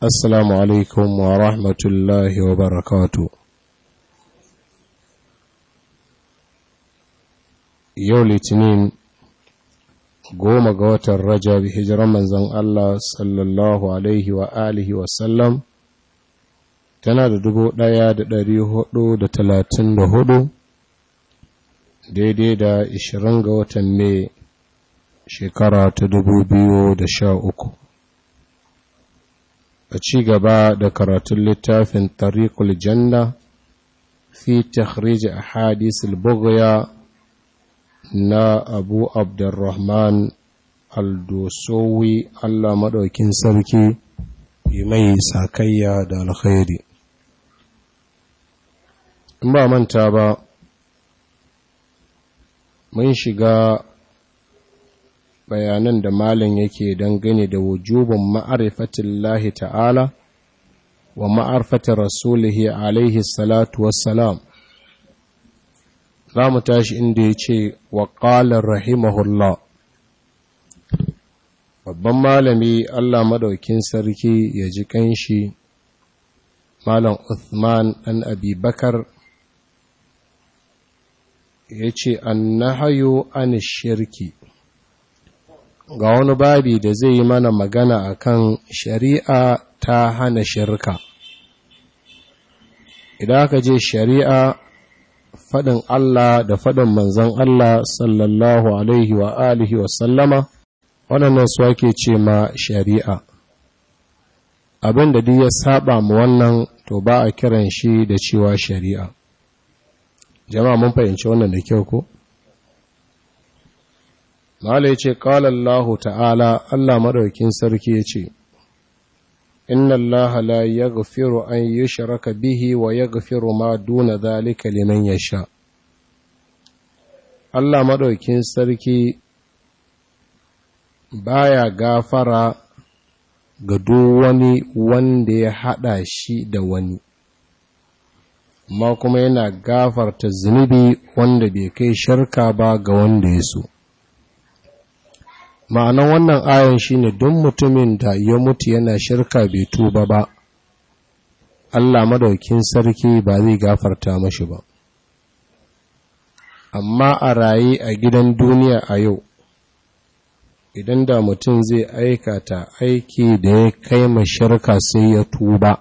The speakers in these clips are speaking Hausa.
Assalamu alaikum wa rahmatullahi wa barakatu. Yau Litinin goma ga watan Rajab hijiran manzan Allah sallallahu Alaihi wa alihi tana da dubu ɗaya da ɗari hudu da talatin da hudu daidai da ishirin ga watan Mai shekara ta dubu biyu da sha uku. a ci gaba da karatun littafin tariqul janna fi takhrij ahadith al-bughya na abu abdurrahman al Allah madaukin sarki yi mai sakayya da alkhairi in ba manta ba mun shiga bayanan da malam yake dangane da wujubin ma'arifatin Allah ta'ala wa ma'arifatin rasulihi alaihi salatu wassalam za mu tashi inda ya ce wa ƙalar rahimahullah babban malami allah maɗaukin sarki ya ji ƙanshi malam uthman ɗan abi bakar ya ce an nahayo an shirki ga wani babi da zai yi mana magana akan shari'a ta hana shirka idan aka je shari'a faɗin Allah da faɗin manzan Allah sallallahu alaihi wa alihi wa waɗannan su ake ce ma shari'a abin da duk ya saba mu wannan to ba a kiran shi da cewa shari'a jama'a mun fahimci wannan da kyau ko mala ya ce ƙalallahu ta'ala allah maɗaukin sarki ya ce inna Allah la gafiro an yi yushraka bihi wa ya gafiro ma duna zalika liman sha. allah maɗaukin sarki ba ya gafara ga duk wani wanda ya haɗa shi da wani amma kuma yana gafarta zunubi wanda bai kai sharka ba ga wanda ya so ma'anan wannan ayon shine don mutumin da ya mutu yana shirka bai tuba ba Allah madaukin sarki ba zai gafarta mashi ba amma a raye a gidan duniya a yau idan da mutum zai aikata aiki da ya kai ma shirka sai ya tuba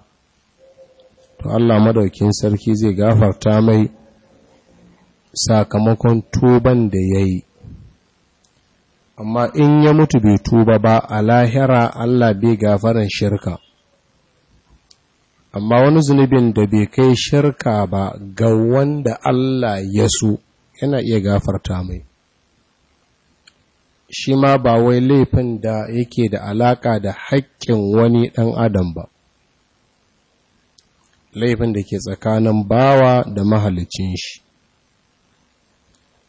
to Allah madaukin sarki zai gafarta mai sakamakon tuban da ya yi amma in ya mutu bai tuba ba a lahira Allah bai gafaran shirka amma wani zunubin da bai kai shirka ba ga wanda Allah ya so yana iya gafarta mai shi ma ba wai laifin da yake da alaka da haƙƙin wani ɗan adam ba laifin da ke tsakanin bawa da mahalicin shi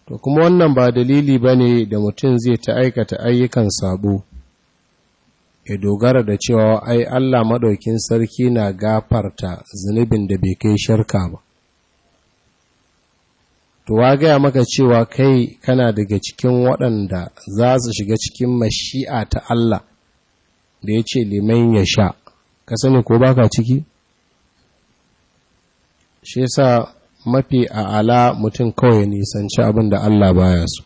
to kuma wannan ba dalili ba ne da mutum zai ta aikata ayyukan sabo ya dogara da cewa ai Allah maɗaukin sarki na gafarta zunubin da bai kai sharka ba to wa gaya maka cewa kai kana daga cikin waɗanda za su shiga cikin mashi'a ta Allah da ya ce liman ya sha ka sani ko baka ciki shi yasa mafi a'ala mutum kawai nisanci abin da Allah baya su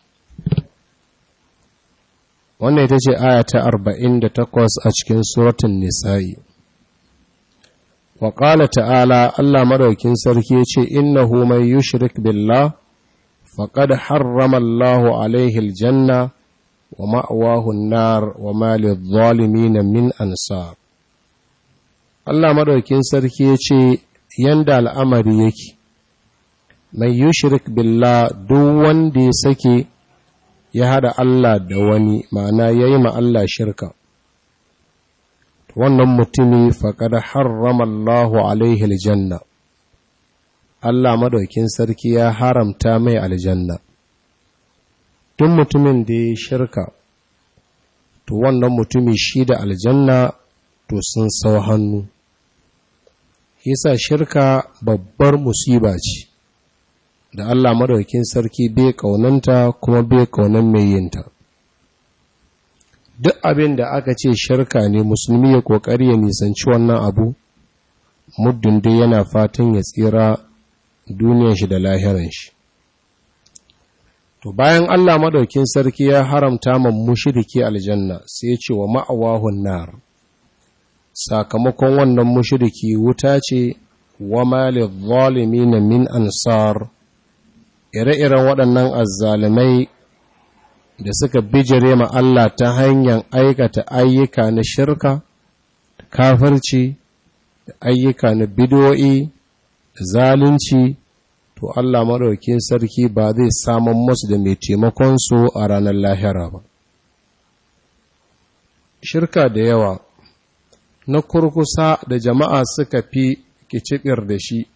wannan ita ce arba'in da takwas a cikin suratun nisa'i Waƙala ta'ala Allah maɗaukin sarki ya ce innahu man yushrik billah faƙad harrama Allahu alaihi janna wa ma'awahu nar wa malin zalimi na min ansar Allah maɗaukin sarki ya ce yanda al'amari yake mai shirik billa duk wanda ya sake ya haɗa Allah da wani ma'ana yayi ma Allah shirka wannan mutumi faƙar harrama Allahu alaihi aljanna Allah madaukin sarki ya haramta mai aljanna duk mutumin da ya shirka to wannan mutumi shi da aljanna to sun sau hannu yasa shirka babbar musiba ce da Allah maɗaukin sarki bai kaunanta kuma bai kaunan mai yinta duk abin da aka ce sharka ne musulmi ya ƙoƙari ya nisanci wannan abu muddin dai yana fatan ya tsira duniyar shi da lahiran shi to bayan Allah maɗaukin sarki ya haramta man mushiriki aljanna sai ya ce wa ma'awahun nar sakamakon wannan mushiriki wuta ce wa malil zalimin min ansar ire-iren waɗannan azzalumai da suka bijire ma Allah ta hanyar aikata ayyuka na shirka da kafirci da ayyuka na bidoyi da zalunci to Allah maɗaukin sarki ba zai samun masu da mai taimakonsu a ranar lahira ba shirka da yawa na kurkusa da jama'a suka fi kicibir da shi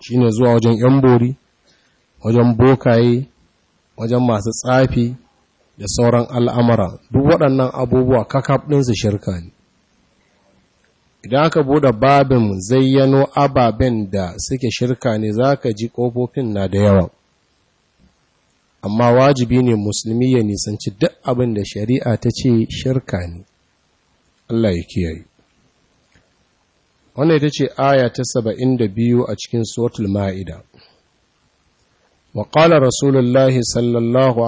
shine zuwa wajen 'yan bori wajen bokaye wajen masu tsafi da sauran al'amara duk waɗannan abubuwa kakaf ɗinsu shirka ne idan aka buɗe babin zayyano ababen da suke shirka ne za ka ji ƙofofin na da yawa amma wajibi ne musulmi ya nisanci duk abin da shari'a ta ce shirka ne Allah ya kiyaye wannan ita ce aya ta 72 a cikin suratul ma'ida wa ƙala rasulullahi sallallahu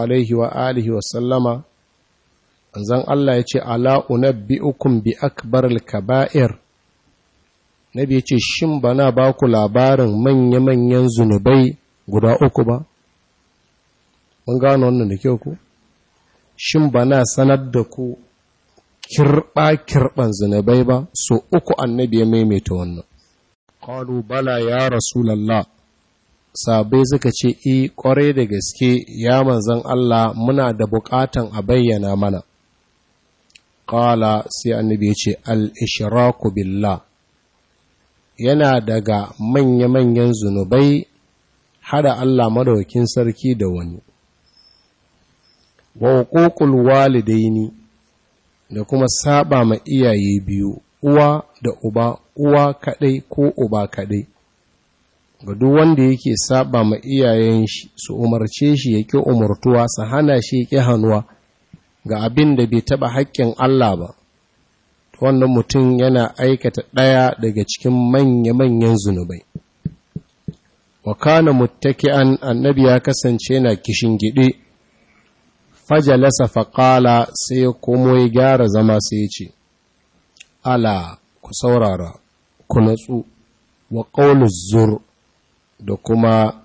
zan Allah ya ce ala unabbi'ukum bi akbar al-kaba'ir nabi ya ce shin bana baku labarin manya-manyan zunubai guda uku ba mun gano wannan da kyau ku shin bana sanar da ku kirɓa-kirɓan zunubai ba so uku annabi ya maimaita wannan qalu bala ya rasulallah sabai suka ce i kwarai da gaske ya manzan Allah muna da buƙatan a bayyana mana ƙala sai annabi ya ce al billah yana daga manya-manyan zunubai hada Allah maɗaukin sarki da wani wa huququl walidaini da kuma saba ma iyaye biyu uwa da uba uwa kaɗai ko uba kaɗai. ga duk wanda yake saba ma iyayen shi su umarce shi ya ƙi umartuwa su hana shi ya ƙi hannuwa ga abin da bai taɓa haƙƙin Allah ba wannan mutum yana aikata ɗaya daga cikin manya-manyan zunubai wa kana muttaki'an annabi ya kasance yana gide. fajalasa faƙala sai komo ya gyara zama sai ya ce ala ku saurara ku natsu wa ƙaunar zur da kuma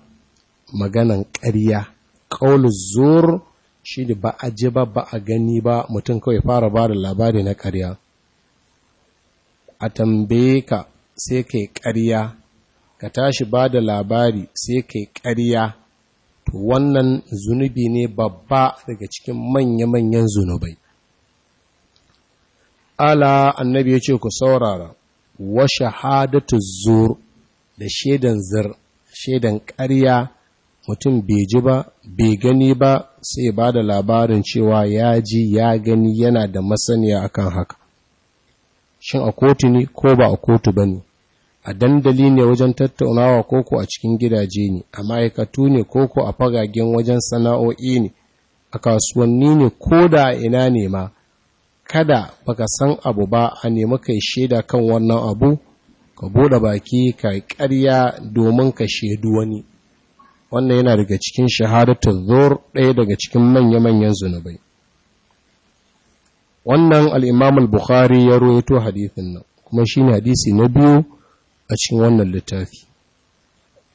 maganan ƙarya ƙaunar zuwar shi da ba a ji ba ba a gani ba mutum kawai fara ba da labari na ƙarya a tambaye ka sai kai ƙarya ka tashi ba da labari sai kai ƙarya to wannan zunubi ne babba daga cikin manya-manyan zunubai ala annabi ya ce ku saurara wa shahadatu zur da shaidan zir shaidan ƙarya mutum bai ji ba bai gani ba sai ba da labarin cewa ya ji ya gani yana da masaniya akan haka shin a kotu ne ko ba a kotu ba ne a dandali ne wajen tattaunawa koko a cikin gidaje ne a ma'aikatu ne koko a fagagen wajen sana'o'i ne a kasuwanni ne ko da ina ne ma kada baka san abu ba a nemi kai shaida kan wannan abu ka bude baki ka karya domin ka shaidu wani wannan yana daga cikin shahadatul zur ɗaya daga cikin manya-manyan zunubai wannan al-Imam al-Bukhari ya rawaito hadisin nan kuma shine hadisi na biyu a cikin wannan littafi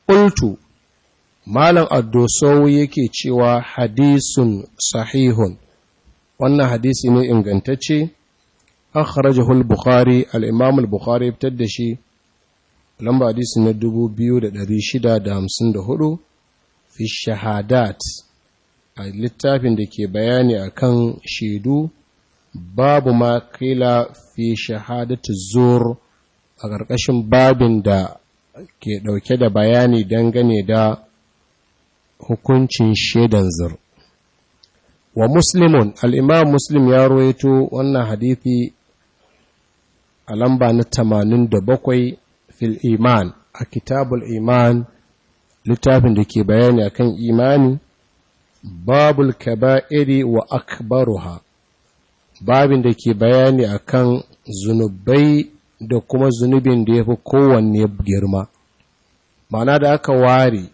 qultu malam ad yake cewa hadisun sahihun wannan hadisi ne ingantacce akhrajahu al-Bukhari al-Imam al-Bukhari fitar da shi lamba hadisi na 2654 fi shahadat a littafin da ke bayani a kan shaidu babu ma kila fi shahadatu zur a ƙarƙashin babin da ke ɗauke da bayani dangane da hukuncin shaidan zur wa muslimun al'imam muslim ya ruwaito wannan hadithi a lamba na 87 iman a kitabul iman littafin da ke bayani akan imani babul kaba'iri wa akbaruha babin da ke bayani akan zunubai da kuma zunubin da ya fi kowanne girma ma'ana da aka ware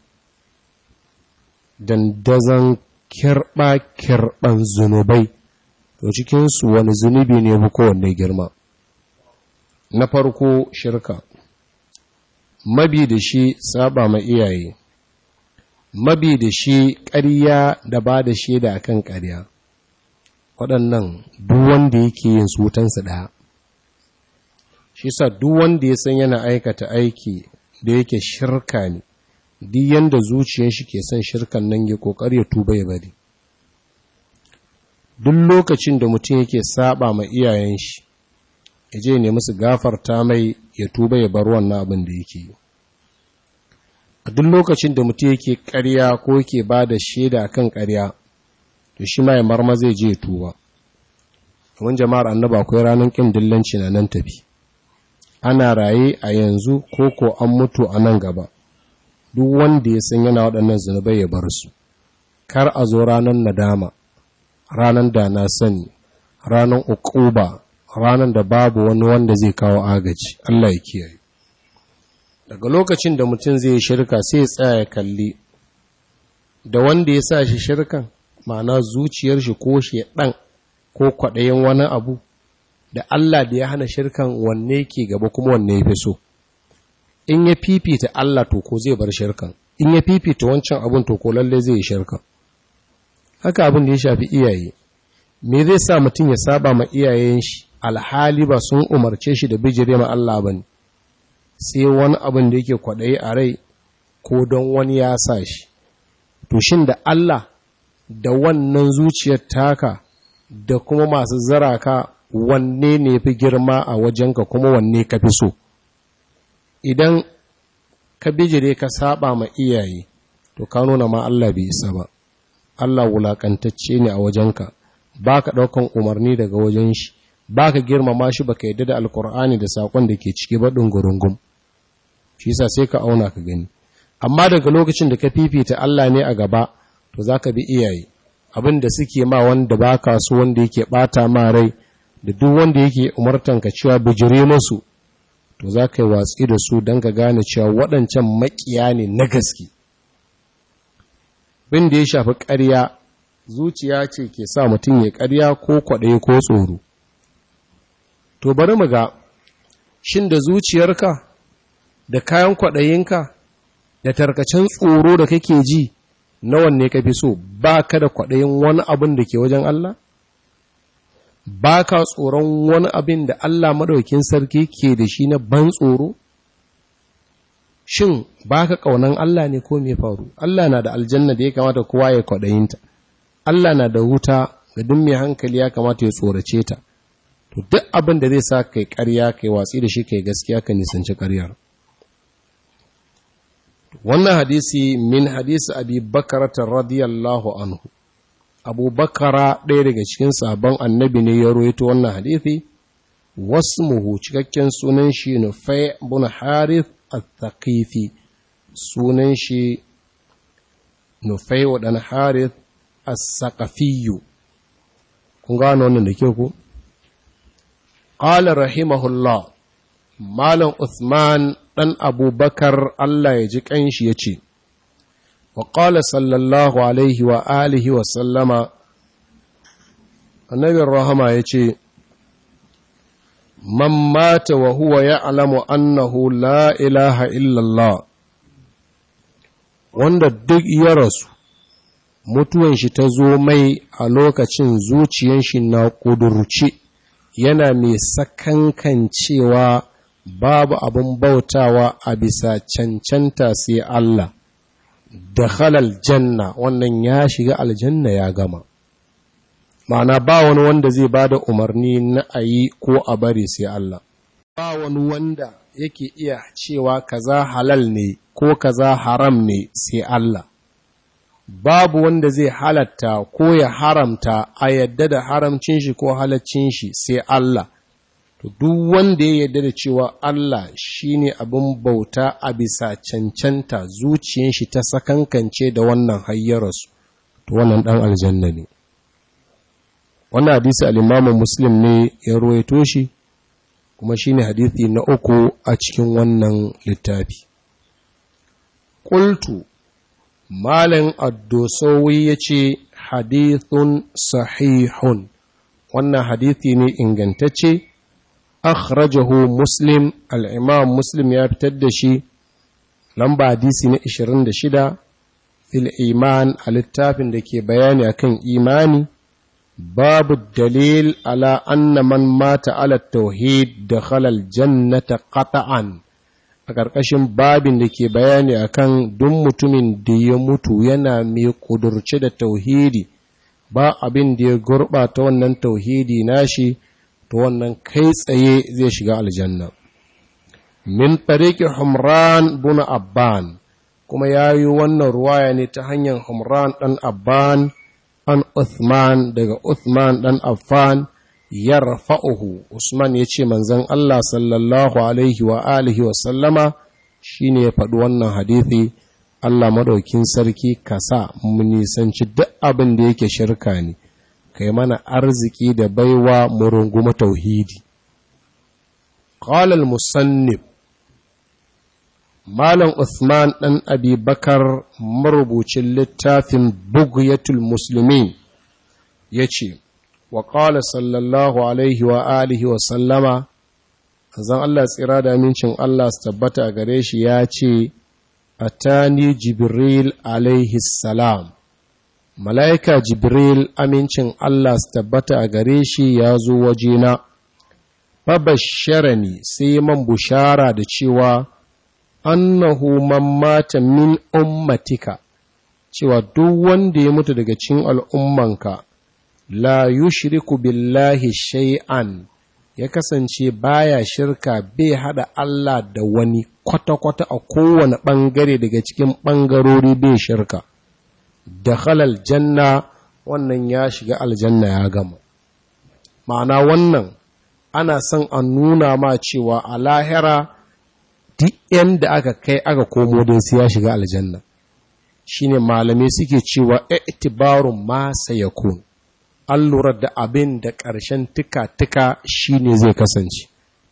dandazan kirɓa-kirɓan zunubai to cikinsu wani zunubi ne ya fi kowanne girma na farko shirka mabi da shi saba ma iyaye mabi da shi ƙarya da ba da shi shaida akan ƙarya waɗannan duk wanda yake yin sutansa ɗaya shi sa duk wanda ya san yana aikata aiki da yake shirka ne duk yanda zuciyar shi ke son shirkan nan ya ƙoƙar ya tuba ya bari duk lokacin da mutum yake saba ma iyayen shi ya je ne musu ta mai ya tuba ya bar wannan abin da yake yi a duk lokacin da mutum yake karya ko yake ba da shaida kan karya to shi ma ya marma zai je tuba domin jama'ar annaba akwai ranar kin dillanci na nan tafi ana raye a yanzu ko ko an mutu a nan gaba duk wanda ya san yana waɗannan zunubai ya bar su kar a zo ranar nadama ranar da na sani ranar ukuba ranar da babu wani wanda zai kawo agaji Allah ya kiyaye daga lokacin da mutum zai yi shirka sai ya tsaya ya kalli da wanda ya sa shi shirkan ma'ana zuciyar shi ko shi ɗan ko kwaɗayin wani abu da Allah da ya hana shirkan wanne ke gaba kuma wanne ya fi so in ya fifita Allah to ko zai bar shirkan in ya fifita wancan abun to ko lalle zai yi shirkan haka abin da ya shafi iyaye me zai sa mutum ya saba ma iyayen shi alhali ba sun umarce shi da bijire ma Allah ba ne sai wani abin da yake kwaɗayi a rai ko don wani ya sa shi to da Allah da wannan zuciyar taka da kuma masu zaraka wanne ne fi girma a wajenka kuma wanne ka fi so idan ka bijire ka saba ma iyaye to ka nuna ma Allah bai isa ba Allah wulaƙantacce ne a wajenka ba ka ɗaukan umarni daga wajen shi ba ka girmama shi ba ka yadda da alkur'ani da saƙon da ke ciki ba ɗungurungun shi sa sai ka auna ka gani amma daga lokacin da ka fifita Allah ne a gaba to za ka bi iyaye abin da suke ma wanda ba ka so wanda yake ɓata ma rai da duk wanda yake umartan ka cewa bijire musu to za ka yi watsi da su don ka gane cewa waɗancan maƙiya ne na gaske bin da ya shafi ƙarya zuciya ce ke sa mutum ya ƙarya ko kwaɗayi ko tsoro to bari mu ga shin da zuciyarka da kayan kwaɗayinka da tarkacen tsoro da kake ji na wanne ka fi so ba ka da kwaɗayin wani abin da ke wajen Allah? Ba ka tsoron wani abin da Allah maɗaukin sarki ke da shi na ban tsoro? Shin ba ka ƙaunan Allah ne ko me faru? Allah na da aljanna da ya kamata kowa ya kwaɗayinta, Allah na da wuta ga duk mai hankali ya kamata ya tsorace ta. to duk abin da zai sa kai ƙarya kai watsi da shi kai gaskiya ka nisanci ƙaryar wannan hadisi min hadisi abi bakarata radiyallahu anhu abu bakara ɗaya daga cikin sabon annabi ne ya roito wannan hadisi Wasu cikakken sunan shi nufai bin harith al-thaqifi sunan shi nufai waɗan harith al saƙafiyu kun gano wannan da kyau ku qala rahimahullah malam Usman ɗan abubakar Allah ya ji ƙanshi ya ce wa qala sallallahu alaihi wa alihi wa sallama annabin rahama ya ce man mata wa huwa ya'lamu la ilaha illallah wanda duk ya rasu mutuwan shi ta zo mai a lokacin zuciyan shi na ƙudurce yana mai sakankan cewa babu abin bautawa a bisa cancanta sai Allah da halal janna wannan ya shiga aljanna ya gama ma'ana ba wani wanda zai ba da umarni na a yi ko a bari sai Allah ba wani wanda yake iya cewa kaza halal ne ko kaza haram ne sai Allah babu wanda zai halatta ko ya haramta a yadda da haramcin shi ko halaccin shi sai Allah to duk wanda ya yadda da cewa Allah shine abin bauta a bisa cancanta zuciyar shi ta sakankance da wannan hayyararsu to wannan dan aljanna ne wannan hadisi al imamu Muslim ne ya ruwaito shi kuma shine hadisi na uku a cikin wannan littafi qultu malin addosowi ya ce hadithun sahihun wannan hadithi ne ingantacce akhrajahu muslim al'imam muslim ya fitar da shi lamba hadisi na 26 fil iman a littafin da ke bayani akan imani babu dalil ala anna man mata ala tauhid da khalal jannata kata'an a ƙarƙashin babin da ke bayani akan duk mutumin da ya mutu yana mai ƙudurce da tauhidi ba abin da ya gurɓata wannan tauhidi nashi ta wannan kai tsaye zai shiga aljanna min tariki humran buna abban kuma ya yi wannan ruwaya ne ta hanyar humran ɗan abban an uthman daga uthman ɗan affan yarfa'uhu Usman ya ce manzon Allah sallallahu alaihi wa alihi wa sallama shi ne ya faɗi wannan hadithi Allah maɗaukin sarki ka sa mu nisanci duk abin da yake shirka ne kai mana arziki da baiwa mu runguma tauhidi qala al-musannif Malam Uthman ɗan Abi Bakar marubucin littafin bugyatul Musulmi ya ce, Waƙala ƙala sallallahu alaihi wa wa sallama zan Allah tsira da amincin Allah su tabbata a gare shi ya ce atani jibril alaihi salam mala'ika jibril amincin Allah su tabbata a gare shi ya zo wajena ne sai man bushara da cewa An man mata min ummatika cewa duk wanda ya mutu daga cikin al'ummanka la yushriku billahi shay'an ya kasance baya shirka bai hada Allah da wani kwata-kwata a kowane ɓangare daga cikin ɓangarori bai shirka da halal janna wannan ya shiga aljanna ya gama ma'ana wannan ana son a nuna ma cewa a lahira duk da aka kai aka komo don ya shiga aljanna shine malamai suke cewa itibarun ma sayakun an lura da abin da ƙarshen tuka-tuka shi ne zai kasance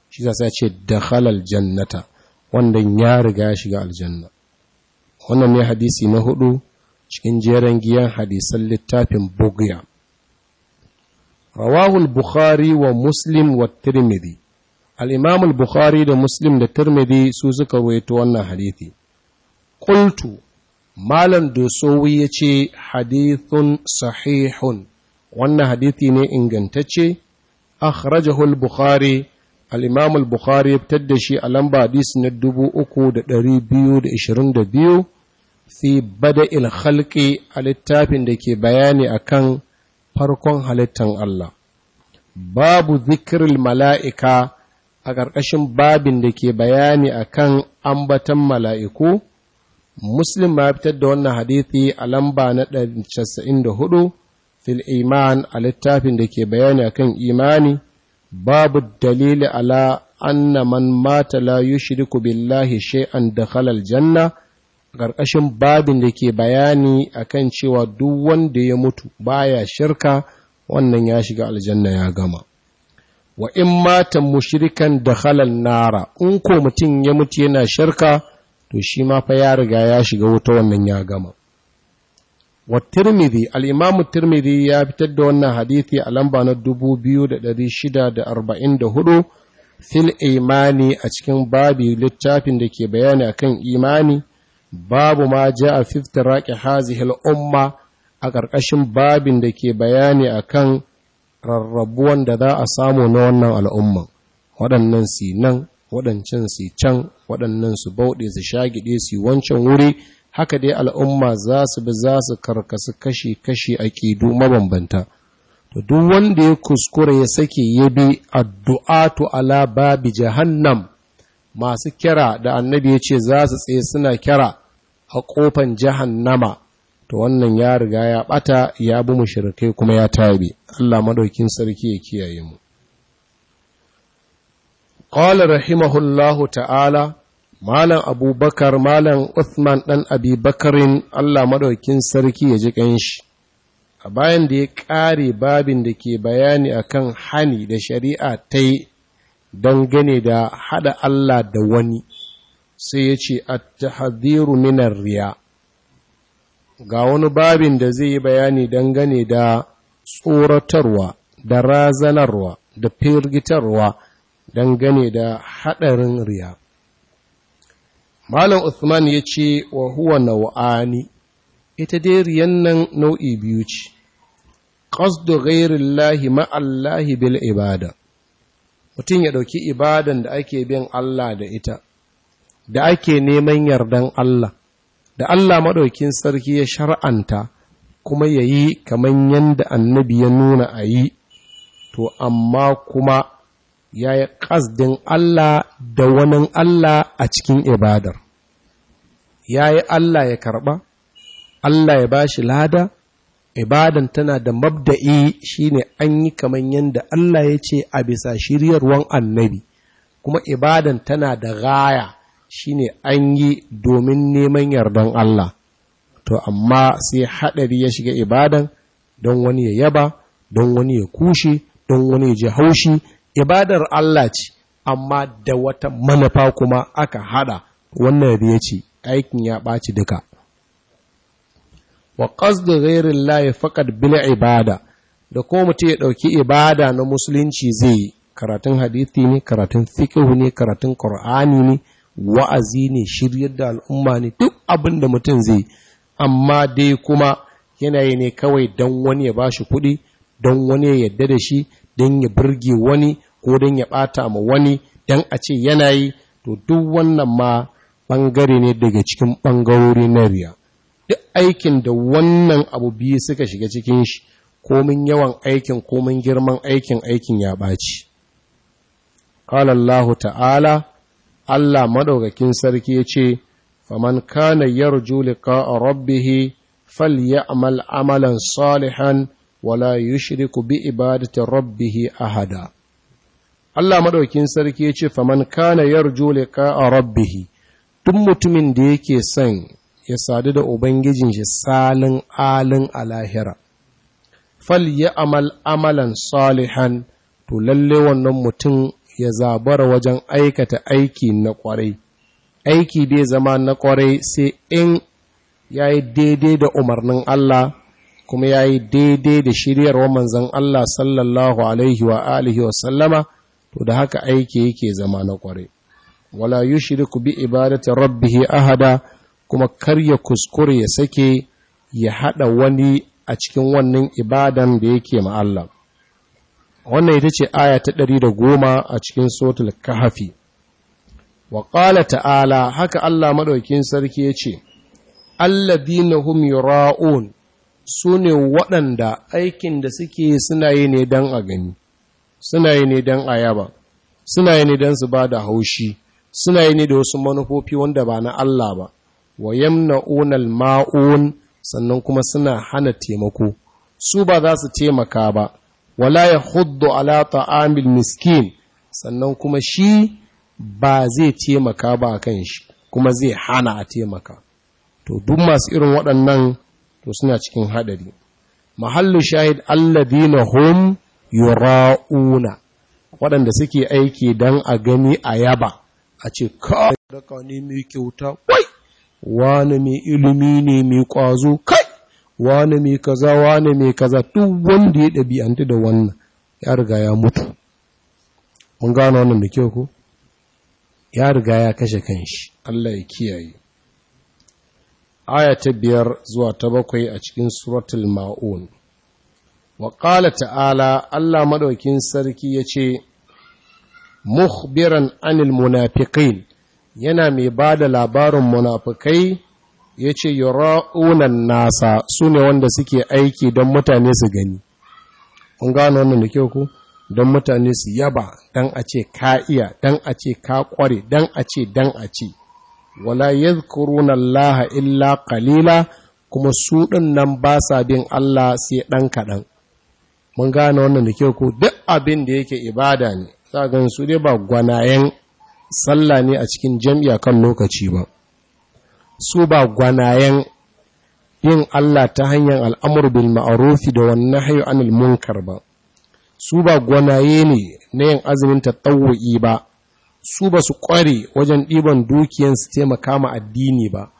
shi za sa ce da halal jannata wanda ya riga ya shiga aljanna wannan ne hadisi na hudu cikin jeren giyan hadisan littafin bugya rawahul bukhari wa muslim wa tirmidhi al'imamul bukhari da muslim da tirmidhi su suka waito wannan hadithi Kultu malam dosowi ya ce hadithun sahihun wannan hadithi ne ingantacce akhrajahu al-bukhari al-imam bukhari ya fitar da shi a lamba hadis na 3222 fi bada'il khalqi a littafin da ke bayani akan farkon halittan Allah babu zikril mala'ika a ƙarƙashin babin da ke bayani akan ambatan mala'iku muslim ma fitar da wannan hadithi a lamba na 94 fil iman a littafin da ke bayani akan imani babu dalili ala anna man mata la yushriku billahi shay'an dakhala aljanna ƙarƙashin babin da ke bayani akan cewa duk wanda ya mutu baya shirka wannan ya shiga aljanna ya gama wa in mata mushrikan dakhala nara in ko mutum ya mutu yana shirka to shi ma fa ya riga ya shiga wuta wannan ya gama wa tirmidhi al-imamu tirmidhi ya fitar da wannan hadithi a lamba na 2644 fil imani a cikin babi littafin da ke bayani akan imani babu ma ja a fiftiraki hazihil umma a ƙarƙashin babin da ke bayani akan rarrabuwan da za a samu na wannan al'umman waɗannan si nan waɗancan si can waɗannan su bauɗe su shagiɗe su wancan wuri haka dai al'umma za su bi za su karkasu kashi-kashi a ƙidu mabambanta to duk wanda ya kuskura ya sake ya bi addu'atu ala babi jahannam masu kira da annabi ya ce za su tsaye suna kira a ƙofan jahannama to wannan ya riga ya ɓata ya bi mushrikai kuma ya tabi Allah madaukin sarki ya kiyaye mu qala rahimahullahu ta'ala Malam Abubakar, Malam Uthman ɗan Abi Bakarin Allah maɗaukin sarki ya ji ƙanshi, a bayan da ya ƙare babin da ke bayani a kan hani da shari'a ta yi dangane da haɗa Allah da wani, sai ya ce, Attahadiru minar riya, ga wani babin da zai yi bayani dangane da tsoratarwa, da razanarwa, da firgitarwa dangane da haɗarin riya. Malam Usman ya ce wa huwa nau'ani, ita dai riyan nan nau'i biyu ce, ƙasdu lahi ma'allahi bil ibada, mutum ya ɗauki ibadan da ake bin Allah da ita, da ake neman yardan Allah, da Allah maɗaukin sarki ya shar'anta kuma ya yi kamar yadda annabi ya nuna a yi, to amma kuma ya yi ƙasdin Allah da wani Allah a cikin ibadar ya yi Allah ya karɓa Allah ya ba shi lada ibadan tana da mabda'i shine an yi kamar yadda Allah ya ce a bisa shiryarwan annabi kuma ibadan tana da gaya shine an yi domin neman yardan Allah to amma sai haɗari ya shiga ibadan don wani ya yaba don wani ya kushe don wani ya ji haushi ibadar Allah ce amma da wata manufa kuma aka hada wannan ya ce aikin ya ɓaci duka wa da ghairil lahi faqad bila ibada da ko mutum ya ɗauki ibada na musulunci zai karatun hadithi ne karatun fiqhu ne karatun ƙur'ani ne wa'azi ne shiryar da al'umma ne duk abin da mutum zai amma dai kuma yanayi ne kawai don wani ya bashi kuɗi don wani ya yadda da shi don ya burge wani ko don ya ɓata ma wani don a ce yana yi to duk wannan ma ɓangare ne daga cikin ɓangarori na riya duk aikin da wannan abu biyu suka shiga cikin shi komin yawan aikin komin girman aikin aikin ya ɓaci ƙalallahu ta'ala allah maɗaukakin sarki ya ce faman kana yarju fal ya falyamal amalan salihan wala yushriku bi ibadati a ahada Allah maɗaukin sarki ya ce faman kana yarju a rabbih duk mutumin da yake son ya sadu da ubangijin shi salin alin alahira fal ya amal amalan salihan to lalle wannan mutum ya zabara wajen aikata aiki na kwarai aiki bai zama na kwarai sai in ya yi daidai da umarnin Allah kuma ya yi daidai da shiryarwa manzan Allah sallallahu alaihi wa alihi wa sallama to da haka aiki yake zama na kware wala yushriku bi ibadati rabbih ahada kuma kar ya kuskure ya sake ya hada wani a cikin wannan ibadan da yake ma Allah wannan ita ce aya ta 110 a cikin suratul kahfi wa qala ta'ala haka Allah madaukin sarki yace alladhina hum yura'un sune waɗanda aikin da suke suna yi ne dan a gani suna yi ne don ayaba suna yi ne don su ba da haushi suna yi ne da wasu manufofi wanda ba na Allah ba wa yamna'unal ma'un sannan kuma suna hana taimako su ba za su taimaka ba wala ya hudu ala ta'amil miskin sannan kuma shi ba zai taimaka ba kan shi kuma zai hana a taimaka to duk masu irin waɗannan to suna cikin haɗari mahallu shahid alladhina hum yura'una waɗanda suke aiki don a gani a yaba a ce kawai daga ne mai kyauta wai wani mai ilimi ne mai ƙwazo kai wani mai kaza wani mai kaza duk wanda ya ɗabi'antu da wannan ya riga ya mutu mun gano wannan da kyau ko ya riga ya kashe kanshi Allah ya kiyaye aya ta biyar zuwa ta bakwai a cikin suratul ma'un wa ƙala ta'ala Allah maɗaukin sarki ya ce, Muhbiran anil munafiqin yana mai ba da labarin munafukai, ya ce, Yura'unan nasa su ne wanda suke aiki don mutane su gani. Kun gano wannan da kyau ku? Don mutane su yaba, don a ce ka iya, don a ce ka ƙware, don a ce, don a ce. Wala yadhkuruna Allah illa qalila kuma su ɗin nan ba sa bin Allah sai ɗan kaɗan. mun gane wannan da kyau ko duk abin da yake ibada ne za ga su dai ba gwanayen sallah ne a cikin jami'a kan lokaci ba su ba gwanayen yin Allah ta hanyar al'amur bil ma'arufi da wannan hayo anil munkar ba su ba gwanaye ne na yin azumin tattawo'i ba su ba su ƙware wajen ɗiban dukiyan su taimaka ma addini ba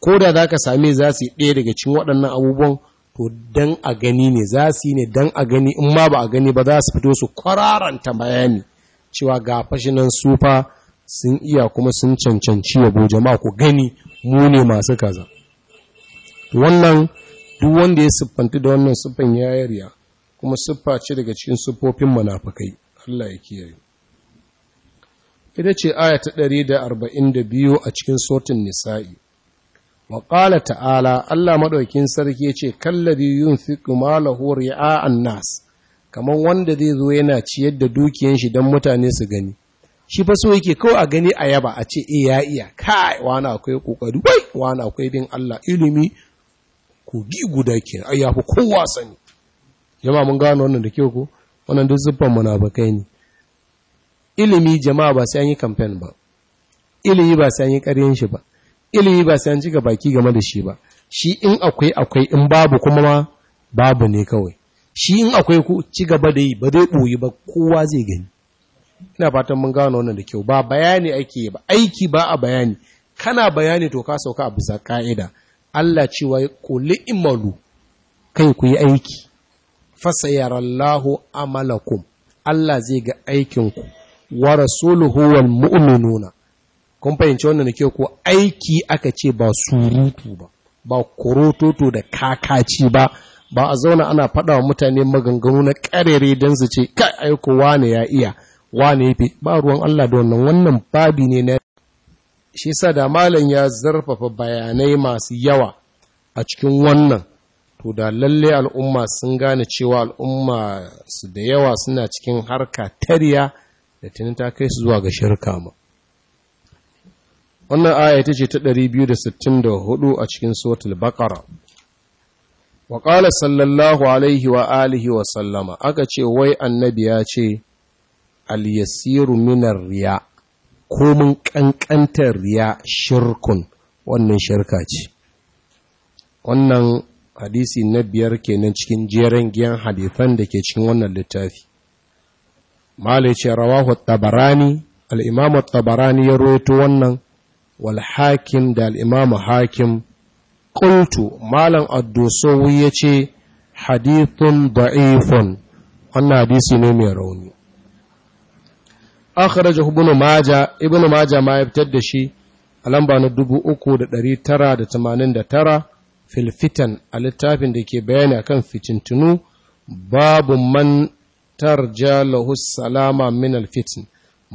ko da za ka same za su yi ɗaya daga cikin waɗannan abubuwan to dan a gani ne za su yi ne dan a gani in ma ba a gani ba za su fito su kwararanta bayani cewa ga fashinan sufa sun iya kuma sun cancanci yabo jama'a ku gani mu ne masu kaza wannan duk wanda ya siffanta da wannan siffan ya yarya kuma siffa ce daga cikin siffofin munafikai Allah ya kiyaye ita ce aya ta 142 a cikin sotin nisa'i wa ƙala ta'ala Allah maɗaukin sarki ce kalladi yin fi malahu ri'a nas kamar wanda zai zo yana ciyar da dukiyan shi don mutane su gani shi fa so yake kawai a gani a yaba a ce e ya iya kai wani akwai kokari wai wani akwai bin Allah ilimi kogi guda ke ai ya fi kowa sani jama'a mun gano wannan da kyau ko wannan duk zuffan munafikai ne ilimi jama'a ba sai an yi kamfen ba ilimi ba sai an yi ƙaryen shi ba ilimi ba sai an ga baki game da shi ba shi in akwai akwai in babu kuma ma babu ne kawai shi in akwai ku ci gaba da yi ba zai ɓoyi ba kowa zai gani ina fatan mun gano wannan da kyau ba bayani ake ba aiki ba a bayani kana bayani to ka sauka a bisa ka'ida Allah cewa kuli imalu kai ku yi aiki fasayarallahu amalakum Allah zai ga aikinku wa rasuluhu wal mu'minuna kun fahimci wannan da kyau ko aiki aka ce ba surutu ba ba korototo da kakaci ba ba a zauna ana faɗa wa mutane maganganu na ƙarere don su ce kai aiko wane ya iya wane ya fi ba ruwan Allah da wannan wannan babi ne na shi sa da malam ya zarfafa bayanai masu yawa a cikin wannan to da lalle al'umma sun gane cewa al'umma su da yawa suna cikin harka tariya da tuni ta kai su zuwa ga shirka ma wannan aya ita ce ta 264 a cikin suratul baqara wa qala sallallahu alaihi wa alihi wa sallama aka ce wai annabi ya ce al yasiru minar riya mun kankantar riya shirkun wannan shirka ce wannan hadisi na biyar kenan cikin jeren giyan hadithan da ke cikin wannan littafi malai ce rawahu tabarani al-imamu tabarani ya roto wannan Walhakim da al'imamu hakim ƙultu malam addosowi ya ce hadithun da'ifun wannan hadisi ne mai rauni akhrajahu ibn maja ibn maja ma ya fitar da shi a lamba na 3989 fil filfitan a littafin da ke bayani akan fitintunu babu man tarja lahu salama min fitin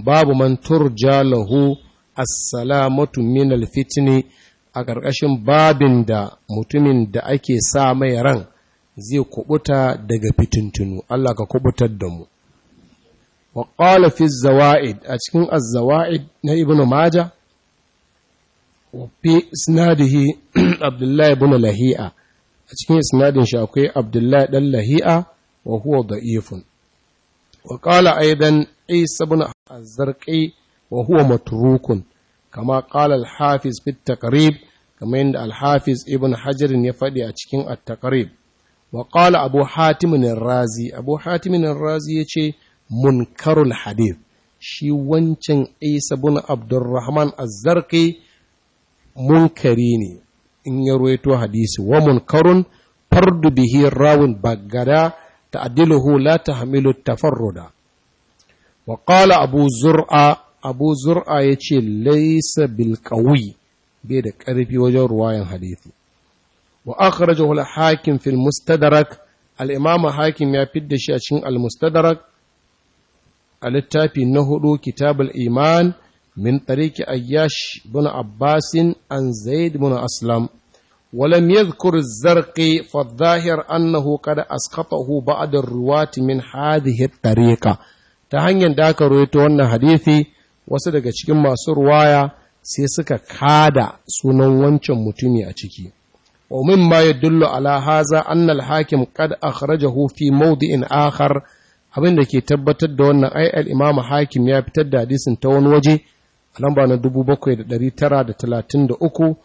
babu man turja lahu assalamatu minal fitini a ƙarƙashin babin da mutumin da ake sa mai ran zai kubuta daga fitintunu Allah ka kubutar da mu wa qala fi zawaid a cikin az-zawaid na ibnu maja wa fi isnadihi abdullahi ibn lahi'a a cikin isnadin shi akwai abdullahi dan lahi'a wa huwa da'ifun wa qala aidan isa ibn az-zarqi wa huwa matrukun kama qala al-hafiz fi taqrib kama inda al-hafiz ibn hajar ya faɗi a cikin at-taqrib wa qala abu hatim ar-razi abu hatim ar-razi yace munkarul hadith shi wancan isa bin abdurrahman az munkari ne in ya ruwaito hadisi wa munkarun fardu bihi rawin bagada ta'diluhu la tahmilu tafarruda wa qala abu zur'a abu zur'a ya ce laisa bilkawi bai da ƙarfi wajen ruwayan hadithi wa akhrajahu al-hakim fil mustadrak al-imam hakim ya fidda shi a cikin al-mustadrak a littafi na hudu kitab al-iman min tariki ayyash bin abbasin an zaid bin aslam ولم يذكر الزرقي فالظاهر أنه قد أسقطه بعض الرواة من هذه الطريقة ta hanyar da aka roito wannan hadithi wasu daga cikin masu ruwaya sai suka kada sunan wancan mutumi a ciki Omin mimma yadullu ala haza anna al-hakim qad akhrajahu fi in akhar abin da ke tabbatar da wannan ai al hakim ya fitar da hadisin ta wani waje a lamba na 7933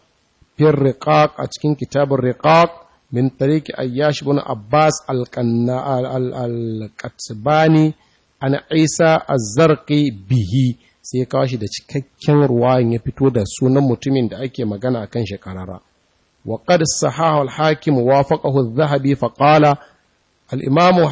fi riqaq a cikin kitabun riqaq min tariki a ibn abbas al-qanna al-qatbani an isa az bihi sai ya kawo shi da cikakken ruwayan ya fito da sunan mutumin da ake magana a kan shekarara. wa qad sahahu al-hakim wafaqahu adh zahabi fa qala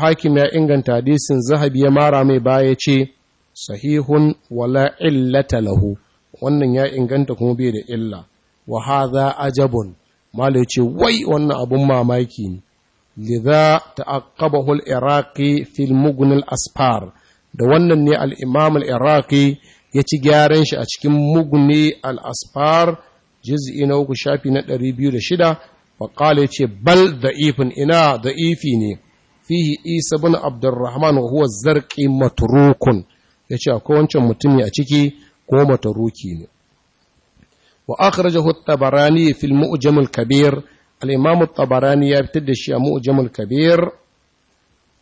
hakim ya inganta hadisin zahabi ya mara mai baya ce sahihun wala illata lahu wannan ya inganta kuma bai da illa wa hadha ajabun malai ce wai wannan abun mamaki ne lidha ta'aqqabahu al-iraqi fil mughni asfar da wannan ne al Iraki. ya ci gyaran shi a cikin mugni al-asfar juz'i na uku shafi na ɗari biyu shida. wa ya yace bal da'ifin, ina da'ifi ne fihi isa bin abdurrahman wa huwa zarqi matrukun yace akwai wancan mutum a ciki ko matruki ne wa akhrajahu at-tabarani fil mu'jam al-kabir al-imam tabarani ya fitar da shi a mu'jam kabir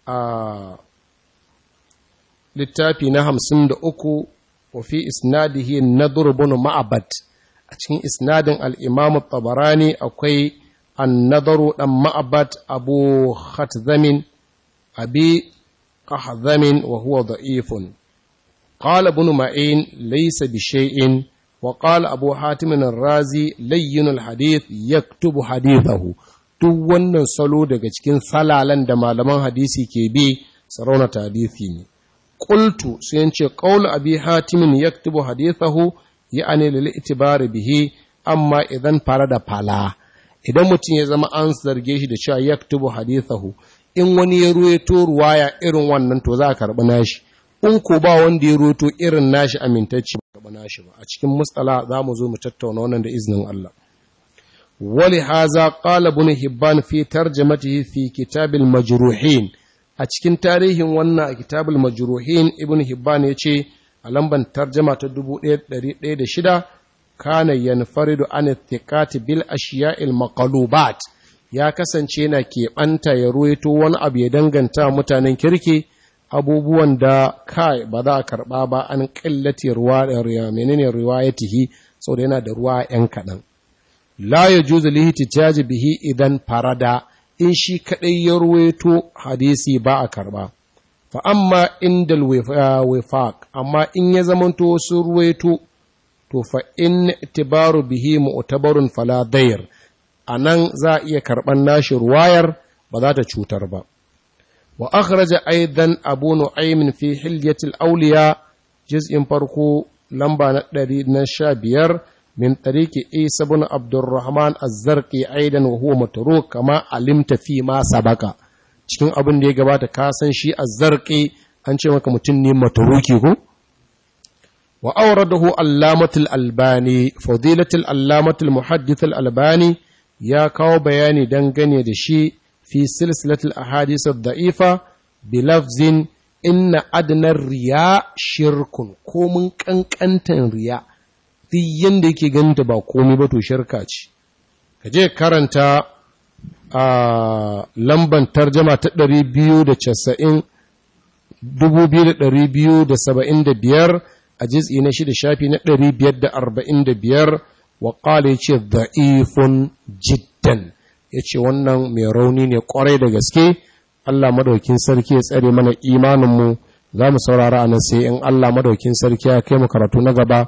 a littafi na hamsin da uku. wa fi isnadihi nadhr ibn ma'bad a cikin isnadin al-imam at akwai an-nadhr dan ma'bad abu khatzamin abi qahzamin wa huwa da'ifun qala ibn ma'in laysa bi shay'in wa qala abu hatim ar-razi layyin al-hadith yaktubu hadithahu duk wannan salo daga cikin salalan da malaman hadisi ke bi saraunata hadisi tarihi. qultu sai in ce qaul abi hatim yaktubu hadithahu ya'ani lil itibari bihi amma idan fara da fala idan mutum ya zama an zarge shi da cewa yaktubu hadithahu in wani ya ruwaito ruwaya irin wannan to za a karɓi nashi in ko ba wanda ya ruwaito irin nashi amintacci ba karɓi nashi ba a cikin mustala za mu zo mu tattauna wannan da iznin Allah wali haza qala hibban fi tarjamatihi fi kitabil majruhin a cikin tarihin wannan a kitabul majruhin ibn hibban ya ce a lamban tarjama ta 1106 kana yanfaridu an thiqati bil ashiya'il maqlubat ya kasance yana keɓanta ya ruwaito wani abu ya danganta mutanen kirki abubuwan da kai ba za a karɓa ba an ƙillati ruwa menene riwayatihi saboda yana da ruwa ‘yan kaɗan. La ya juzu lihi bihi idan farada in shi kaɗai ya ruwaito hadisi ba a karɓa fa amma inda ah, wifaq amma in ya zamanto wasu ruwaito to fa in tibaru bihi mu'tabarun fala dayar a nan za a iya karɓan nashi ruwayar ba za ta cutar ba wa akhraja aidan abu nu'aymin fi hilyatil awliya juz'in farko lamba na 115 min tariki Isa bin Abdurrahman Az-Zarqi aidan wa huwa matruk kama alimta fi ma sabaka cikin abin da ya gabata ka san shi a zarqi an ce maka mutum ne maturuki ko wa awradahu Allamatul Albani fadilatul Allamatul Muhaddith Albani ya kawo bayani dangane da shi fi silsilatul ahadith ad-da'ifa bilafzin inna adnar riya shirkun komin kankantan riya duk yanda yake ganta ba komi ba to shirka ce ka je karanta a lamban tarjama ta 2275 a jiz'i na shida shafi na 545 wa ya ce da'ifun jiddan ce wannan mai rauni ne kwarai da gaske Allah madaukin sarki ya tsare mana imaninmu za mu saurara anan sai in Allah madaukin sarki ya kai mu karatu na gaba